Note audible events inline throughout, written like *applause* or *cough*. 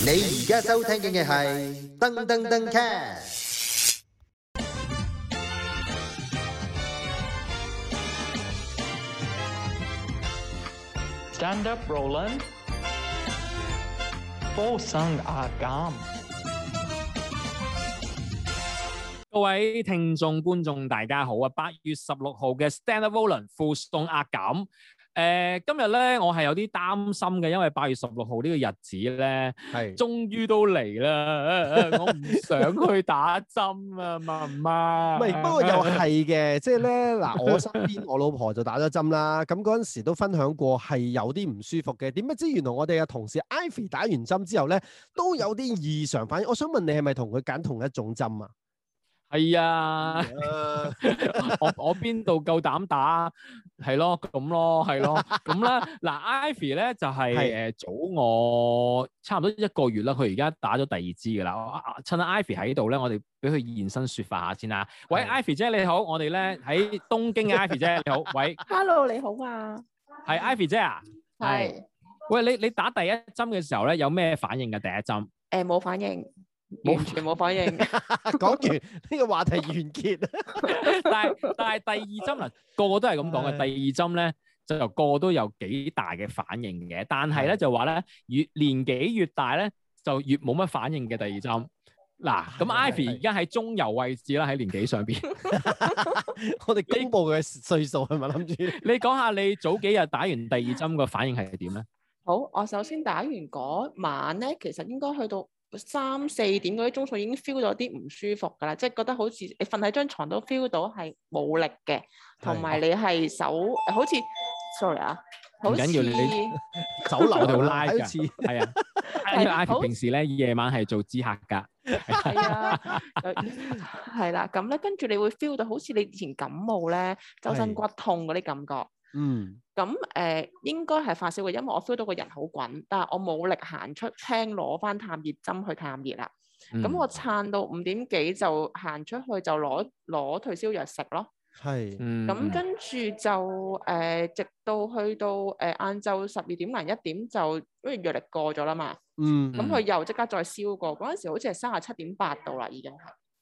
你而家收聽嘅係《登登登 Cast》。Stand Up Roland，負松阿減。各位聽眾觀眾大家好啊！八月十六號嘅 Stand Up Roland，負松阿減。誒、呃，今日咧我係有啲擔心嘅，因為八月十六號呢個日子咧，係是終於都嚟啦，呃、 *laughs* 我唔想去打針啊，媽媽。唔不，不過又係嘅， *laughs* 即係咧嗱，我身邊我老婆就打咗針啦，咁嗰陣時都分享過係有啲唔舒服嘅，點不知原來我哋嘅同事 Ivy 打完針之後咧，都有啲異常反應。我想問你係咪同佢揀同一種針啊？係啊、哎， *laughs* 我我邊度夠膽打？係咯，咁咯，係咯，咁 *laughs* 啦。嗱，Ivy 咧就係、是、誒是、呃，早我差唔多一個月啦。佢而家打咗第二支噶啦。趁阿 Ivy 喺度咧，我哋俾佢現身說法下先啦。喂是，Ivy 姐你好，我哋咧喺東京嘅 *laughs* Ivy 姐你好。喂，Hello 你好啊。係 Ivy 姐啊。係是。是喂，你你打第一針嘅時候咧，有咩反應噶？第一針。誒、呃，冇反應。完全冇反應 *laughs* 講完，講完呢個話題完結。 *laughs* *laughs* 但係但係第二針啊，個個都係咁講嘅。第二針咧就個個都有幾大嘅反應嘅，但係咧的就話咧越年紀越大咧就越冇乜反應嘅第二針。嗱、啊，咁 Ivy 而家喺中游位置啦，喺年紀上邊。 *laughs* *laughs* *laughs* 我哋公佈佢嘅歲數係咪諗住？你講 *laughs* 下你早幾日打完第二針個反應係點咧？好，我首先打完嗰晚咧，其實應該去到。三四點嗰啲鐘數已經 feel 到啲唔舒服噶啦，即係覺得好似你瞓喺張床都 feel 到係冇力嘅，同埋你係手的好似，sorry 啊別 像，好緊要你手攔嗰度拉噶，係啊，因為 Ivy 平時咧夜好晚係做知客噶，係啦，咁咧跟住你會 feel 到好似你以前感冒咧，周身骨痛嗰啲感覺。嗯，咁誒、呃、應該係發燒嘅，因為我 feel 到個人好滾，但係我冇力行出廳攞翻探熱針去探熱啦。咁、嗯、我撐到五點幾就行出去就攞攞退燒藥食咯。係，咁、嗯、跟住就誒、呃、直到去到誒晏晝十二點零一點就因為藥力過咗啦嘛，嗯。嗯，咁佢又即刻再燒過，嗰陣時好似係三十七點八度啦，已經係。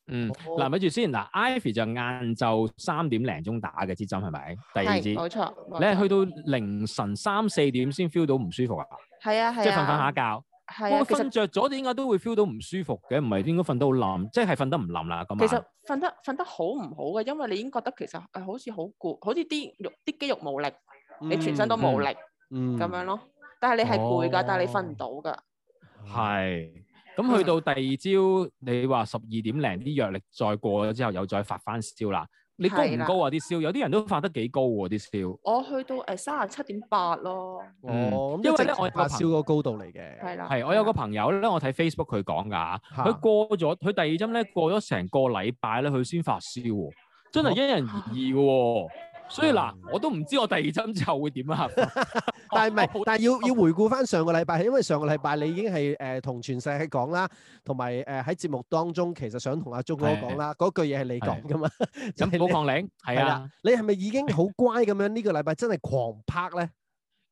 嗯，嗱好，咪住、啊、先。嗱、啊、Ivy 就晏晝三點零鐘打嘅支針，係咪？第二支，冇錯。錯錯你係去到凌晨三四點先 feel 到唔舒服啊？係啊係，即係瞓瞓下覺。係啊，其實瞓着咗點解都會 feel 到唔舒服嘅？唔係應該瞓到冧，即係瞓得唔冧啦。咁其實瞓得瞓得好唔好嘅？因為你已經覺得其實好似好攰，好似啲肉啲肌肉冇力，你全身都冇力，咁、嗯嗯、樣咯。但係你係攰㗎，但係你瞓唔到㗎。係、嗯。咁、嗯、去到第二朝，你話十二點零啲藥力再過咗之後，又再發翻燒啦。你高唔高啊啲燒？的有啲人都發得幾高喎啲燒。我去到誒三十七點八咯。哦、呃，嗯嗯、因為咧我發燒個高度嚟嘅。係啦的。係我有個朋友咧，我睇 Facebook 佢講㗎，佢的過咗佢第二針咧，過咗成個禮拜咧，佢先發燒喎、啊。真係因人而異㗎喎。啊 *laughs* 所以嗱，我都唔知我第二針之後會點啊！ *laughs* 但係唔係？但係要要回顧翻上個禮拜，係因為上個禮拜你已經係誒同全世講啦，同埋誒喺節目當中其實想同阿鍾哥講啦，嗰的句嘢係你講㗎嘛？咁冇抗領係啊！你係咪已經好乖咁樣呢的個禮拜真係狂拍咧？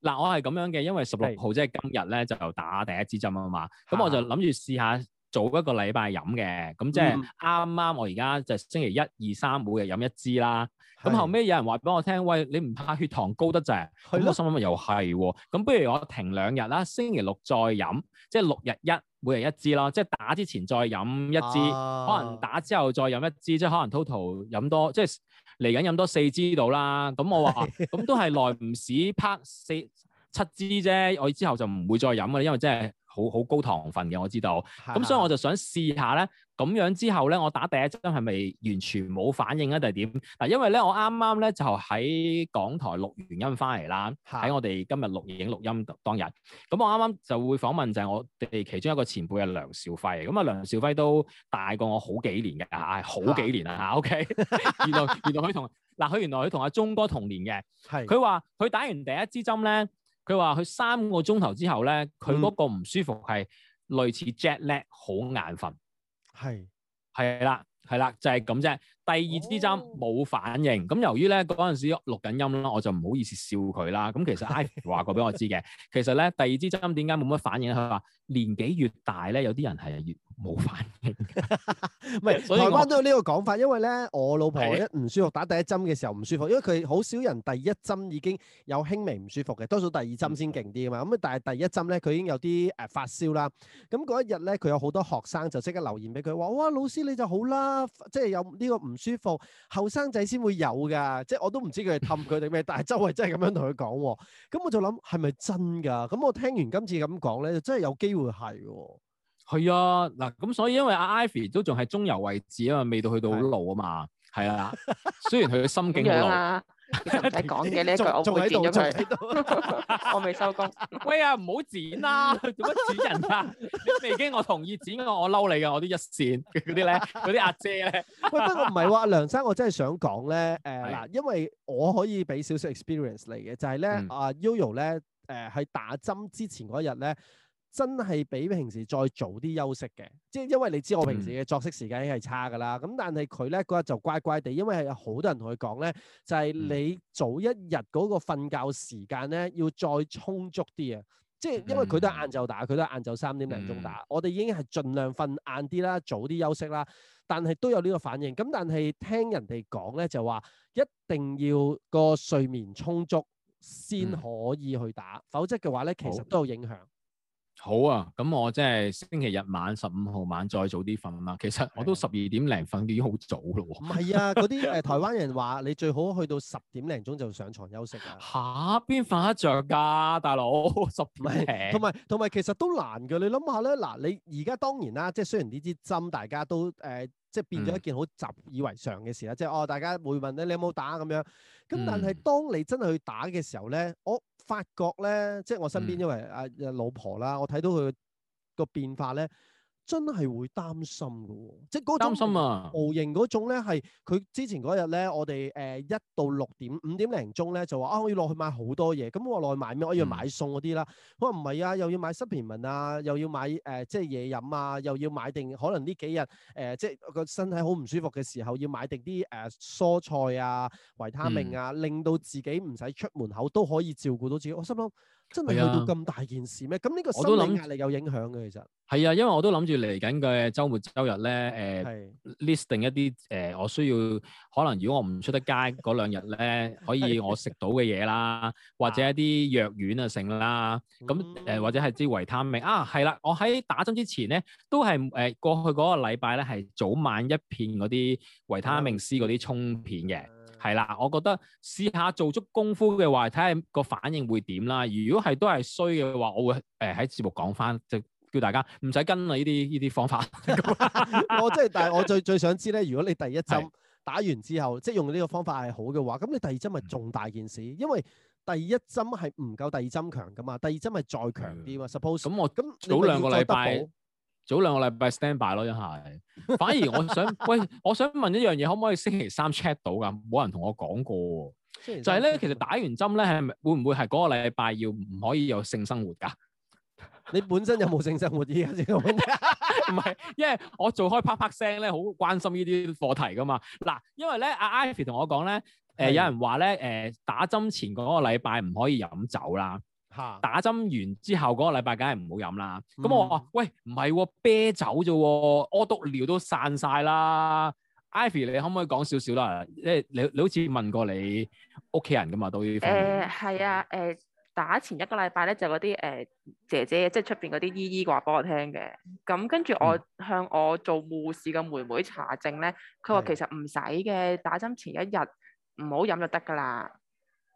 嗱，我係咁樣嘅，因為十六號的即係今日咧就打第一支針啊嘛，咁的我就諗住試下早一個禮拜飲嘅，咁即係啱啱我而家就星期一、二、三每日飲一支啦。咁、嗯、後尾有人話俾我聽，喂，你唔怕血糖高得滯，咁的我心諗咪又係喎、哦，咁不如我停兩日啦，星期六再飲，即係六日一，每日一支啦，即係打之前再飲一支，啊、可能打之後再飲一支，即係可能 total 飲多，即係嚟緊飲多四支到啦。咁我話，咁的、啊、都係耐唔使拍四七支啫，我之後就唔會再飲喇，因為真係。好好高糖分嘅，我知道。咁是所以我就想試下咧，咁樣之後咧，我打第一針係咪完全冇反應啊？定係點嗱？因為咧，我啱啱咧就喺港台錄完音翻嚟啦，喺我哋今日錄影錄音當日。咁我啱啱就會訪問就係我哋其中一個前輩啊，梁兆輝。咁啊，梁兆輝都大過我好幾年嘅嚇，好幾年啊。 *laughs* OK， *laughs* 原來原來佢同嗱佢原來佢同阿鐘哥同年嘅。係的，佢話佢打完第一支針咧。佢話佢三個鐘頭之後呢，佢嗰、嗯、個唔舒服係類似 jet lag，好眼瞓，係，係啦，係啦，就係咁啫。第二支針冇反應，咁、oh. 由於咧嗰陣時錄緊音啦，我就唔好意思笑佢啦。咁其實，Ivy 話過俾我知嘅， *laughs* 其實咧第二支針點解冇乜反應？佢話年紀越大咧，有啲人係越冇反應。唔係 *laughs* 是，所以台灣都有呢個講法，因為咧我老婆一唔舒服是打第一針嘅時候唔舒服，因為佢好少人第一針已經有輕微唔舒服嘅，多數第二針先勁啲啊嘛。咁但係第一針咧佢已經有啲誒發燒啦。咁嗰一日咧佢有好多學生就即刻留言俾佢話：哇，老師你就好啦，即係有呢、呢個唔唔舒服，後生仔先會有噶，即係我都唔知佢係氹佢定咩， *laughs* 但係周圍真係咁樣同佢講喎。咁我就諗係咪真㗎？咁我聽完今次咁講咧，就真係有機會係喎。係啊，嗱、啊，咁所以因為阿 Ivy 都仲係中游位置啊嘛，因為未到去到好老啊嘛，係啊，啊，雖然佢心境好老。 *laughs* 你唔使講嘅呢句，我會剪咗佢。我未收工。喂啊，唔好剪啦，做乜剪人啊？你未經我同意剪，我嬲你㗎，我啲一線嗰啲咧，嗰啲阿姐咧。喂，不過唔係話梁生，我真係想講咧，誒嗱，因為我可以俾少少 experience 嚟嘅，就係咧阿 Yoyo 咧，誒喺打針之前嗰日咧。真係比平時再早啲休息嘅，即係因為你知我平時嘅作息時間已經係差㗎啦。咁、嗯、但係佢咧嗰日就乖乖地，因為係有好多人同佢講咧，就係、是、你早一日嗰個瞓覺時間咧要再充足啲啊。即係因為佢都係晏晝打，佢都係晏晝三點零鐘打。嗯、我哋已經係盡量瞓晏啲啦，早啲休息啦，但係都有呢個反應。咁但係聽人哋講咧，就話一定要個睡眠充足先可以去打，嗯、否則嘅話咧其實都有影響。好啊，咁我即係星期日晚十五號晚再早啲瞓啦。其實我都十二點零瞓，的已經好早咯。唔係啊，嗰啲誒台灣人話，你最好去到十點零鐘就上床休息啦。吓、啊，邊瞓得着噶？啊，大佬？十點零同埋，同埋，其實都難嘅。你諗下咧，嗱，你而家當然啦，即係雖然呢支針大家都誒。呃即係變咗一件好習以為常嘅事啦，嗯、即係哦，大家會問咧，你有冇打咁樣？咁但係當你真係去打嘅時候咧，嗯、我發覺咧，即係我身邊因為啊老婆啦，嗯、我睇到佢個變化咧。真係會擔心嘅喎、哦，即係嗰種無形嗰種咧，係佢、啊、之前嗰日咧，我哋誒一到六點五點零鐘咧就話啊，我要落去買好多嘢。咁我落去買咩？我要買餸嗰啲啦。佢話唔係啊，又要買濕棉襪啊，又要買誒、呃、即係嘢飲啊，又要買定可能呢幾日誒、呃、即係個身體好唔舒服嘅時候要買定啲誒、呃、蔬菜啊、維他命啊，嗯、令到自己唔使出門口都可以照顧到自己。我心諗。真係去到咁大件事咩？咁呢個心理壓力有影響嘅，其實係啊，因為我都諗住嚟緊嘅週末週日咧，誒、呃、是 listing 一啲誒、呃、我需要，可能如果我唔出得街嗰兩日咧，可以我食到嘅嘢啦 *laughs* 或、呃，或者一啲藥丸啊剩啦，咁誒或者係支維他命、嗯、啊，係啦，我喺打針之前咧，都係誒、呃、過去嗰個禮拜咧係早晚一片嗰啲維他命 C 嗰啲沖片嘅。係啦，我覺得試下做足功夫嘅話，睇下個反應會點啦。如果係都係衰嘅話，我會誒喺、呃、節目講翻，就叫大家唔使跟你呢啲呢啲方法。 *laughs* *laughs* 我即係，但係我最 *laughs* 最想知咧，如果你第一針打完之後，是即係用呢個方法係好嘅話，咁你第二針咪仲大件事？嗯、因為第一針係唔夠第二針強噶嘛，第二針咪再強啲嘛。嗯、Suppose 咁我咁早兩個禮拜。早兩個禮拜 standby 咯，真係。反而我想， *laughs* 喂，我想問一樣嘢，可唔可以星期三 check 到㗎？冇人同我講過，期就係咧，其實打完針咧，係咪會唔會係嗰個禮拜要唔可以有性生活㗎？你本身有冇性生活而家先講？唔係， *laughs* *laughs* 因為我做開啪啪聲咧，好關心呢啲課題㗎嘛。嗱，因為咧，阿 Ivy 同我講咧，誒、呃、的有人話咧，誒、呃、打針前嗰個禮拜唔可以飲酒啦。打針完之後嗰、那個禮拜梗係唔好飲啦。咁、嗯、我話：喂，唔係、哦、啤酒啫，屙篤尿都散晒啦。Ivy，你可唔可以講少少啦？即係你你，你好似問過你屋企人㗎嘛？到依份誒係、呃、啊誒、呃、打前一個禮拜咧就嗰啲誒姐姐即係出邊嗰啲姨姨話俾我聽嘅。咁跟住我向我做護士嘅妹妹查證咧，佢話其實唔使嘅，打針前一日唔好飲就得㗎啦。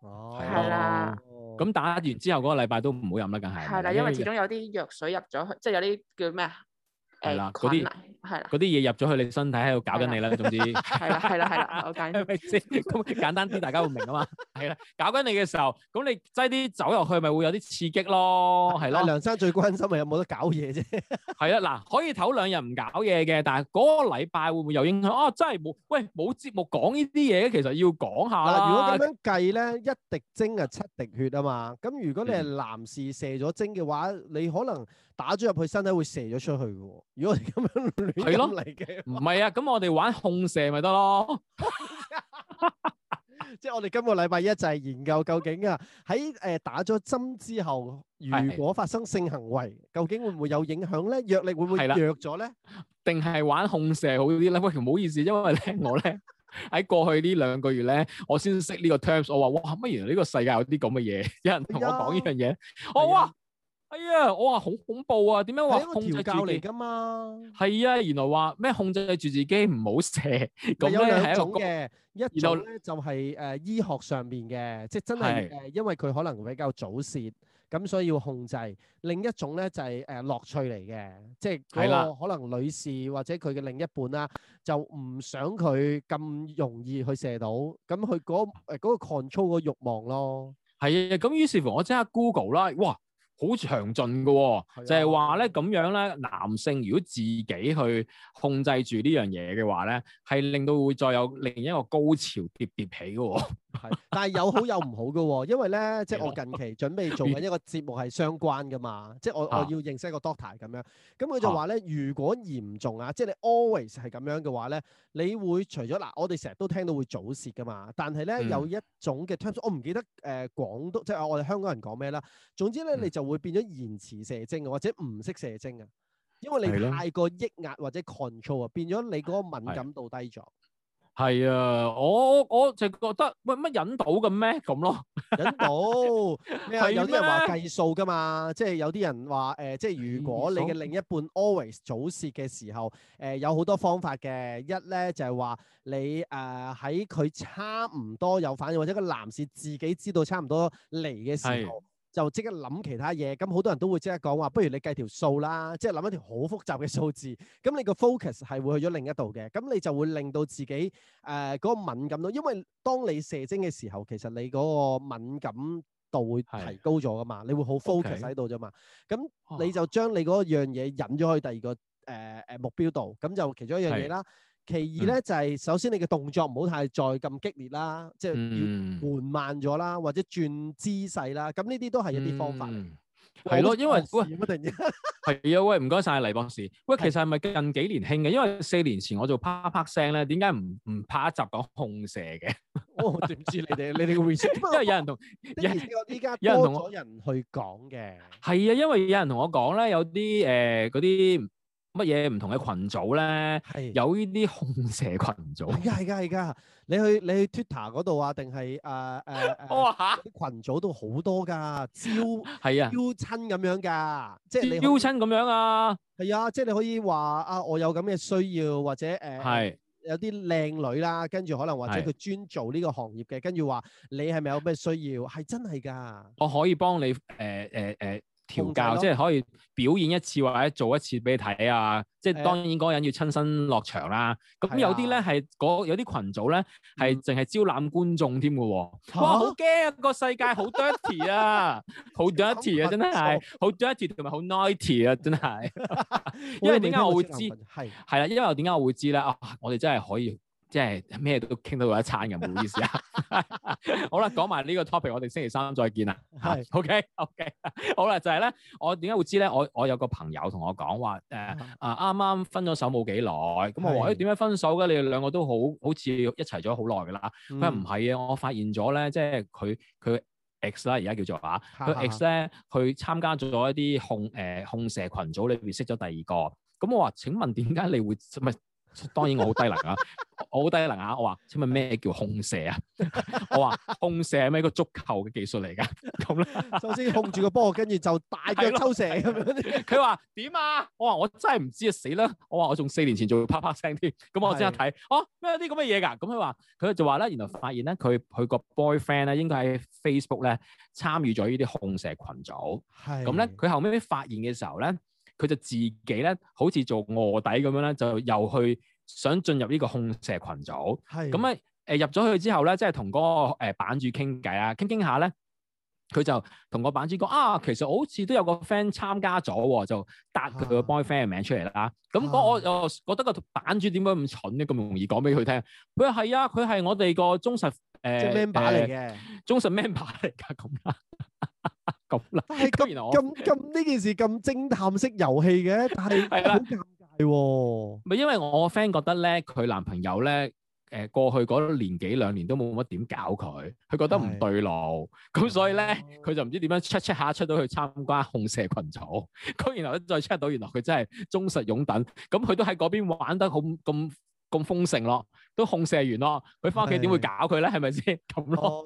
哦，係啦，咁的打完之後嗰個禮拜都唔好飲啦，梗係。係啦，因為始終有啲藥水入咗去，的即係有啲叫咩的啊？誒，嗰啲。係啦，嗰啲嘢入咗去你身體喺度搞緊你啦，總之係啦，係啦，係啦，好簡單咁簡單啲，大家會明啊嘛。係啦，搞緊你嘅時候，咁你擠啲走入去，咪會有啲刺激咯，係啦。梁生最關心咪有冇得搞嘢啫。係啦，嗱，可以唞兩日唔搞嘢嘅，但係嗰個禮拜會唔會有影響？哦，真係冇，喂，冇節目講呢啲嘢，其實要講下啦。如果咁樣計咧，一滴精啊七滴血啊嘛。咁如果你係男士射咗精嘅話，你可能。打咗入去，身體會射咗出去嘅。如果我哋咁樣亂嚟嘅，唔係啊。咁我哋玩控射咪得咯。即係我哋今個禮拜一就係研究究竟啊，喺誒打咗針之後，如果發生性行為，究竟會唔會有影響咧？藥力會唔會弱咗咧？定係玩控射好啲咧？喂，唔好意思，因為咧我咧喺過去呢兩個月咧，我先識呢個 terms。我話哇，乜原來呢個世界有啲咁嘅嘢，有人同我講呢樣嘢，我哇～哎呀，我話好恐怖啊！點樣話調教嚟噶嘛？係啊，原來話咩控制住自己唔好射咁咧，係兩種嘅。一種咧就係誒醫學上面嘅，即、就、係、是、真係誒，是因為佢可能比較早泄，咁所以要控制。另一種咧就係誒樂趣嚟嘅，即係嗰個的可能女士或者佢嘅另一半啦、啊，就唔想佢咁容易去射到，咁佢嗰誒個 control、那個欲望咯。係啊，咁於是乎我即刻 Google 啦，哇！好詳盡嘅，哦、的就係話咧咁樣咧，男性如果自己去控制住呢樣嘢嘅話咧，係令到會再有另一個高潮疊疊起嘅，哦。 *laughs* 係， *laughs* 但係有好有唔好噶喎、哦，因為咧，即係我近期準備做緊一個節目係相關噶嘛， *laughs* 即係我 *laughs* 我要認識一個 doctor 咁樣，咁、嗯、佢、嗯、就話咧，如果嚴重啊，即係你 always 係咁樣嘅話咧，你會除咗嗱，我哋成日都聽到會早泄噶嘛，但係咧有一種嘅 terms，我唔記得誒、呃、廣東，即係我哋香港人講咩啦，總之咧你就會變咗延遲射精或者唔識射精啊，因為你太過抑壓或者 control 啊，變咗你嗰個敏感度低咗。係啊，我我就覺得，喂，乜引導嘅咩咁咯？引導咩啊？ *laughs* 嗎有啲人話計數噶嘛，即係有啲人話誒、呃，即係如果你嘅另一半 always 早泄嘅時候，誒、呃、有好多方法嘅，一呢就係、是、話你誒喺佢差唔多有反應，或者個男士自己知道差唔多嚟嘅時候，就即刻諗其他嘢，咁好多人都會即刻講話，不如你計條數啦，即係諗一條好複雜嘅數字，咁你個 focus 係會去咗另一度嘅，咁你就會令到自己誒嗰、呃那個敏感度，因為當你射精嘅時候，其實你嗰個敏感度會提高咗噶嘛，的你會好 focus 喺度啫嘛，咁你就將你嗰樣嘢引咗去第二個誒誒、呃、目標度，咁就其中一樣嘢啦。其二咧就係、是、首先你嘅動作唔好太再咁激烈啦，即、就、係、是、要緩慢咗啦，或者轉姿勢啦，咁呢啲都係一啲方法。嗯，係咯，因為喂，係啊， *laughs* 喂，唔該晒黎博士。喂，其實係咪近幾年興嘅？因為四年前我做啪啪聲咧，點解唔唔拍一集講控射嘅、哦？我點知你哋 *laughs* 你哋嘅因為有人同，因為依家有人同咗人去講嘅。係啊，因為有人同我講咧，有啲誒嗰啲。呃乜嘢唔同嘅群組咧？係有呢啲紅蛇群組，係噶係噶，你去你去 Twitter 嗰度啊？定係啊啊！哇！啲群組都好多噶，招係啊，招親咁樣噶，即係你招親咁樣啊？係啊，即係你可以話啊，我有咁嘅需要，或者誒，呃、係有啲靚女啦，跟住可能或者佢專做呢個行業嘅，跟住話你係咪有咩需要？係真係噶，我可以幫你誒誒誒。呃呃呃呃調教即係可以表演一次或者做一次俾你睇啊！即係當然嗰個人要親身落場啦。咁有啲咧係嗰有啲群組咧係淨係招攬觀眾添嘅喎。哇！好驚啊！個世界好 dirty 啊！好 dirty 啊！真係好 dirty 同埋好 noisy 啊！真係，因為點解我會知係係啦？因為點解我會知咧啊？我哋真係可以。即係咩都傾到一餐嘅，唔好意思啊。 *laughs* *laughs* 好啦，講埋呢個 topic，我哋星期三再見啦。係，OK，OK 是。Uh, okay, okay. *laughs* 好啦，就係、是、咧，我點解會知咧？我我有個朋友同我講話，誒、呃、 *laughs* 啊啱啱分咗手冇幾耐，咁我話咦點解分手嘅是、欸？你哋兩個都好好似一齊咗好耐㗎啦。佢話唔係啊，我發現咗咧，即係佢佢 x 啦，而家叫做嚇佢 *laughs* x 咧，佢參加咗一啲控誒、呃、控射群組，你邊識咗第二個。咁我話請問點解你會唔係？當然我好低能、啊、 *laughs* 低能啊！我好低能啊！我話：請問咩叫控射啊？ *laughs* 我話：控射係咪一個足球嘅技術嚟㗎？咁咧， *laughs* 首先控住個波，跟住就大腳抽射咁咯 *laughs* 樣。佢話點啊？我話我真係唔知啊！死啦！我話我仲四年前做啪啪聲添。咁我即刻睇，哦咩有啲咁嘅嘢㗎？咁佢話佢就話咧，原來發現咧，佢佢個 boyfriend 咧應該喺 Facebook 咧參與咗呢啲控射群組。係是。咁咧，佢後尾發現嘅時候咧。佢就自己咧，好似做臥底咁樣咧，就又去想進入呢個控射群組。係咁啊，誒入咗去之後咧，即係同嗰個版、呃、主傾偈啊，傾傾下咧，佢就同個版主講啊，其實好似都有個 friend 參加咗、啊，就搭佢個 boyfriend 嘅名出嚟啦。咁、啊、我我又覺得個版主點解咁蠢咧？咁容易講俾佢聽？佢話係啊，佢係我哋個忠實誒、呃呃，忠實 man 嚟嘅，忠實 man 把嚟㗎咁咁啦，但係咁咁呢件事咁偵探式遊戲嘅，但係好尷尬喎。唔的因為我個 friend 覺得咧，佢男朋友咧，誒、呃、過去嗰年幾兩年都冇乜點搞佢，佢覺得唔對路，咁的所以咧佢、嗯、就唔知點樣 check check 下出到去參加控射群組，咁然後咧再 check 到原來佢真係忠實擁躉，咁佢都喺嗰邊玩得好咁。咁封城咯，都控射完咯，佢翻屋企點會搞佢咧？係咪先咁咯？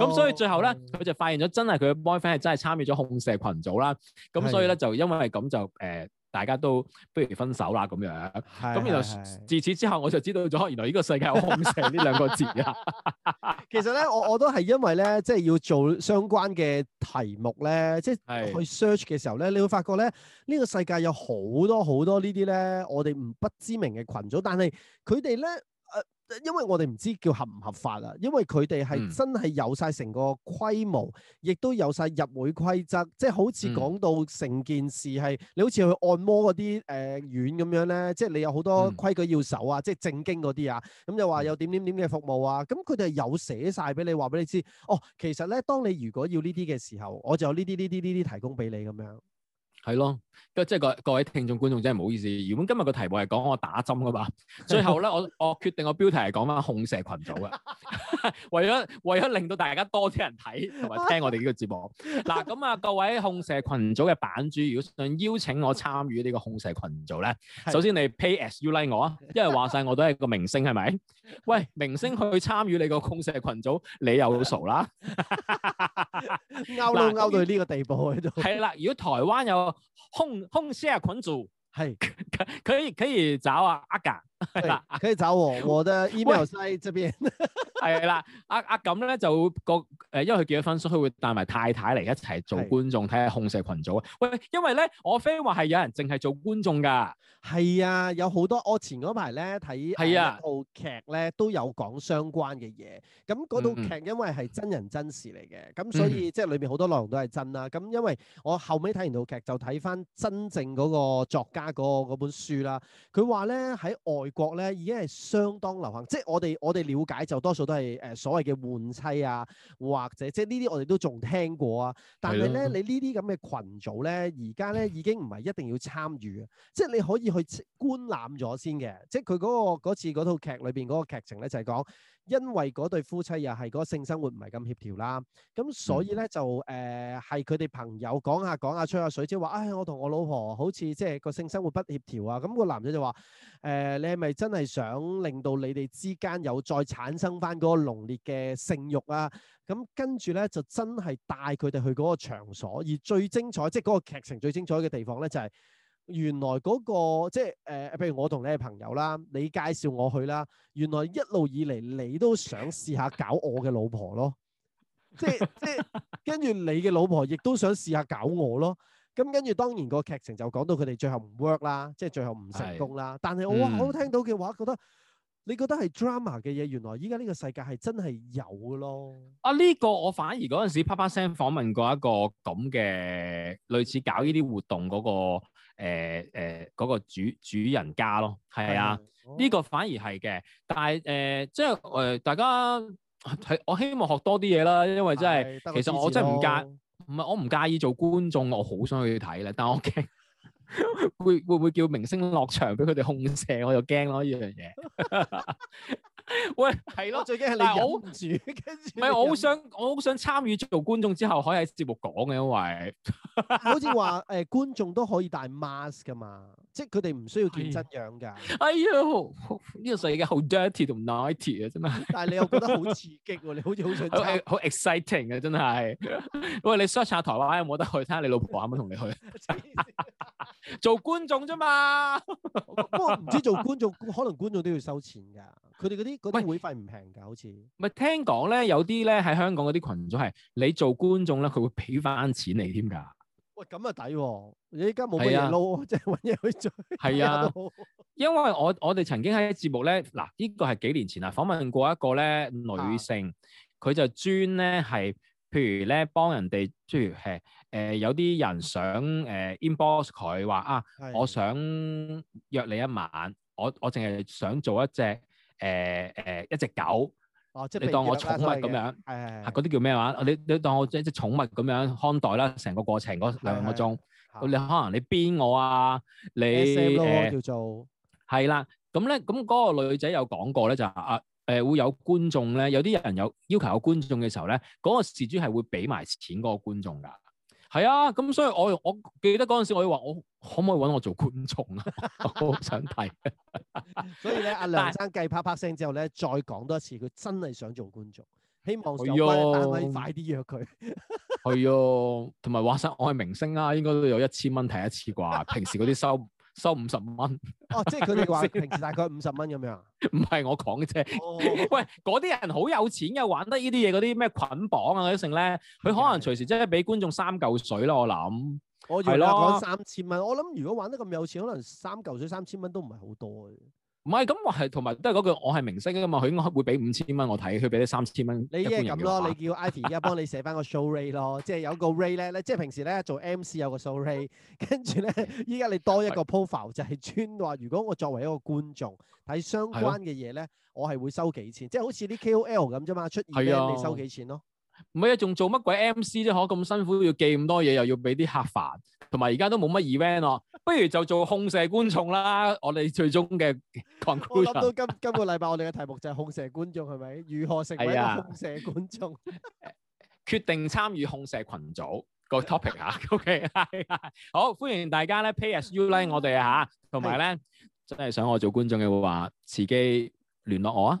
咁所以最後咧，佢就發現咗真係佢嘅 boyfriend 係真係參與咗控射群組啦。咁所以咧的就因為係咁就誒。呃大家都不如分手啦咁樣，咁是的 然後自此之後我就知道咗，原來呢個世界有控射呢兩個字啦。 *laughs* *laughs* 其實咧，我我都係因為咧，即係要做相關嘅題目咧，即係去 search 嘅時候咧，你會發覺咧，呢個世界有好多好多呢啲咧，我哋唔不，不知名嘅群組，但係佢哋咧。因為我哋唔知叫合唔合法啊，因為佢哋係真係有晒成個規模，亦都、嗯、有晒入會規則，即係好似講到成件事係，你好似去按摩嗰啲誒院咁樣咧，即係你有好多規矩要守啊，即係正經嗰啲啊，咁、嗯嗯嗯、又話有點點點嘅服務啊，咁佢哋係有寫晒俾你，話俾你知，哦，其實咧，當你如果要呢啲嘅時候，我就有呢啲呢啲呢啲提供俾你咁樣。係咯，即係個各位聽眾觀眾真係唔好意思。原本今日個題目係講我打針噶嘛，最後咧我我決定個標題係講翻控射群組嘅， *laughs* *laughs* 為咗為咗令到大家多啲人睇同埋聽我哋呢個節目。嗱、 *laughs* 啊，咁啊各位控射群組嘅版主，如果想邀請我參與呢個控射群組咧，的首先你 pay as you like 我啊，因為話晒我都係個明星係咪？喂，明星去參與你個控射群組，你又傻啦， *laughs* *laughs* 勾都勾到呢個地步喺度。係啦， *laughs* 如果台灣有。控控下群主，嘿、哎、可可，可以可以找啊，阿、啊、嘎。係啦，可以找我，我的 email 西喂，邊啊啊、呢邊。係啦，阿阿咁咧就個誒，因為佢結咗婚，所以會帶埋太太嚟一齊做觀眾，睇下的控射群組。喂，因為咧我非話係有人淨係做觀眾噶。係啊，有好多我前嗰排咧睇係啊，套劇咧都有講相關嘅嘢。咁嗰套劇因為係真人真事嚟嘅，咁的所以、嗯、即係裏面好多內容都係真啦、啊。咁因為我後尾睇完套劇，就睇翻真正嗰個作家嗰嗰本書啦。佢話咧喺外國咧已經係相當流行，即係我哋我哋瞭解就多數都係誒、呃、所謂嘅換妻啊，或者即係呢啲我哋都仲聽過啊。但係咧，的你呢啲咁嘅群組咧，而家咧已經唔係一定要參與，即係你可以去觀覽咗先嘅。即係佢嗰次嗰套劇裏邊嗰個劇情咧，就係、是、講。因為嗰對夫妻又係個性生活唔係咁協調啦，咁所以咧就誒係佢哋朋友講下講下吹下水，即係話啊，我同我老婆好似即係個性生活不協調、嗯呃哎、啊，咁、嗯，那個男仔就話誒、呃，你係咪真係想令到你哋之間有再產生翻嗰個濃烈嘅性慾啊？咁跟住咧就真係帶佢哋去嗰個場所，而最精彩即係嗰個劇情最精彩嘅地方咧就係、是。原來嗰、那個即係誒、呃，譬如我同你係朋友啦，你介紹我去啦。原來一路以嚟你都想試下搞我嘅老婆咯，即係 *laughs* 即係跟住你嘅老婆亦都想試下搞我咯。咁跟住當然個劇情就講到佢哋最後唔 work 啦，即係最後唔成功啦。是但係我好、嗯、聽到嘅話，覺得你覺得係 drama 嘅嘢，原來依家呢個世界係真係有咯。啊呢、這個我反而嗰陣時啪啪聲訪問過一個咁嘅類似搞呢啲活動嗰、那個。誒誒，嗰個、呃呃、主主人家咯，係啊，呢的個反而係嘅。但係誒、呃，即係誒、呃，大家睇我希望學多啲嘢啦，因為真係，的其實我真係唔介唔係，的我唔介意做觀眾，我好想去睇咧。但係我驚 *laughs* 會會唔會叫明星落場俾佢哋控射，我就驚咯呢樣嘢。 *laughs* *laughs* 喂，係咯了，最驚係你忍唔住，跟住，唔係我好想，我好想參與做觀眾之後，可以喺節目講嘅，因為好似話，誒、 *laughs* 呃，觀眾都可以戴 mask 噶嘛。即係佢哋唔需要健身樣㗎。哎呀，呢、呢個世界好 dirty 同 naughty 啊，真係。但係你又覺得好刺激喎、啊， *laughs* 你好似好想睇，好 exciting 啊，真係。 *laughs* 喂，你 search 下台灣有冇得去？睇下你老婆啱唔啱同你去。 *laughs* 做觀眾啫嘛， *laughs* 不過唔知做觀眾可能觀眾都要收錢㗎。佢哋嗰啲嗰啲會費唔平㗎，好似。唔係聽講咧，有啲咧喺香港嗰啲群組係，你做觀眾咧，佢會俾翻啱錢你添㗎。咁啊抵喎！你依家冇乜嘢撈，即係揾嘢去做。係 *laughs* 啊，因為我我哋曾經喺節目咧，嗱呢、呢個係幾年前啊，訪問過一個咧女性，佢、啊、就專咧係譬如咧幫人哋，譬如誒誒、呃、有啲人想誒、呃、inbox 佢話啊，的我想約你一晚，我我淨係想做一隻誒誒一隻狗。哦，即係你當我寵物咁樣，係係嗰啲叫咩話啊？你你當我即係即係寵物咁樣看待啦，成個過程嗰兩個鐘，你可能你鞭我啊，你誒 SM 咯、呃、叫做係啦。咁咧，咁嗰個女仔有講過咧，就係啊誒會有觀眾咧，有啲人有要求有觀眾嘅時候咧，嗰個事主係會俾埋錢嗰個觀眾㗎。係啊，咁所以我我記得嗰陣時我我，我要話我可唔可以揾我做觀眾啊？ *laughs* 我好想睇。 *laughs* *laughs* 所以咧，阿、啊、梁生繼啪啪聲之後咧，再講多一次，佢真係想做觀眾，希望有關單位快啲約佢。係， *laughs* 啊，同埋話晒，我係明星啊，應該都有一千蚊睇一次啩？ *laughs* 平時嗰啲收。收五十蚊，哦，即係佢哋話平時大概五十蚊咁樣，唔係我講嘅啫。喂，嗰啲人好有錢嘅，玩得、啊、呢啲嘢，嗰啲咩捆綁啊嗰啲剩咧，佢可能隨時即係俾觀眾三嚿水咯。我諗，係咯、哦，講三千蚊，的我諗如果玩得咁有錢，可能三嚿水三千蚊都唔係好多嘅。唔係咁，我係同埋都係嗰句，我係明星㗎嘛，佢應該會俾五千蚊我睇，佢俾啲三千蚊。你依家咁咯，你叫 Ivy 依家幫你寫翻個 show rate 咯，即係有個 rate 咧，即係平時咧做 MC 有個 show rate，跟住咧依家你多一個 profile 的就係專話，如果我作為一個觀眾睇相關嘅嘢咧，的我係會收幾錢？即係好似啲 KOL 咁啫嘛，出現、e、的你收幾錢咯？唔係啊，仲做乜鬼 MC 啫？可咁辛苦要記咁多嘢，又要俾啲客煩，同埋而家都冇乜 event 哦。不如就做控射觀眾啦。我哋最終嘅 conclusion。我諗到今今個禮拜我哋嘅題目就係控射觀眾，係咪？如何成為一個控射觀眾？決定參與控射群組個 topic 吓。OK，好，歡迎大家咧 Pay As You Like 我哋吓，同埋咧真係想我做觀眾嘅話，自己聯絡我啊。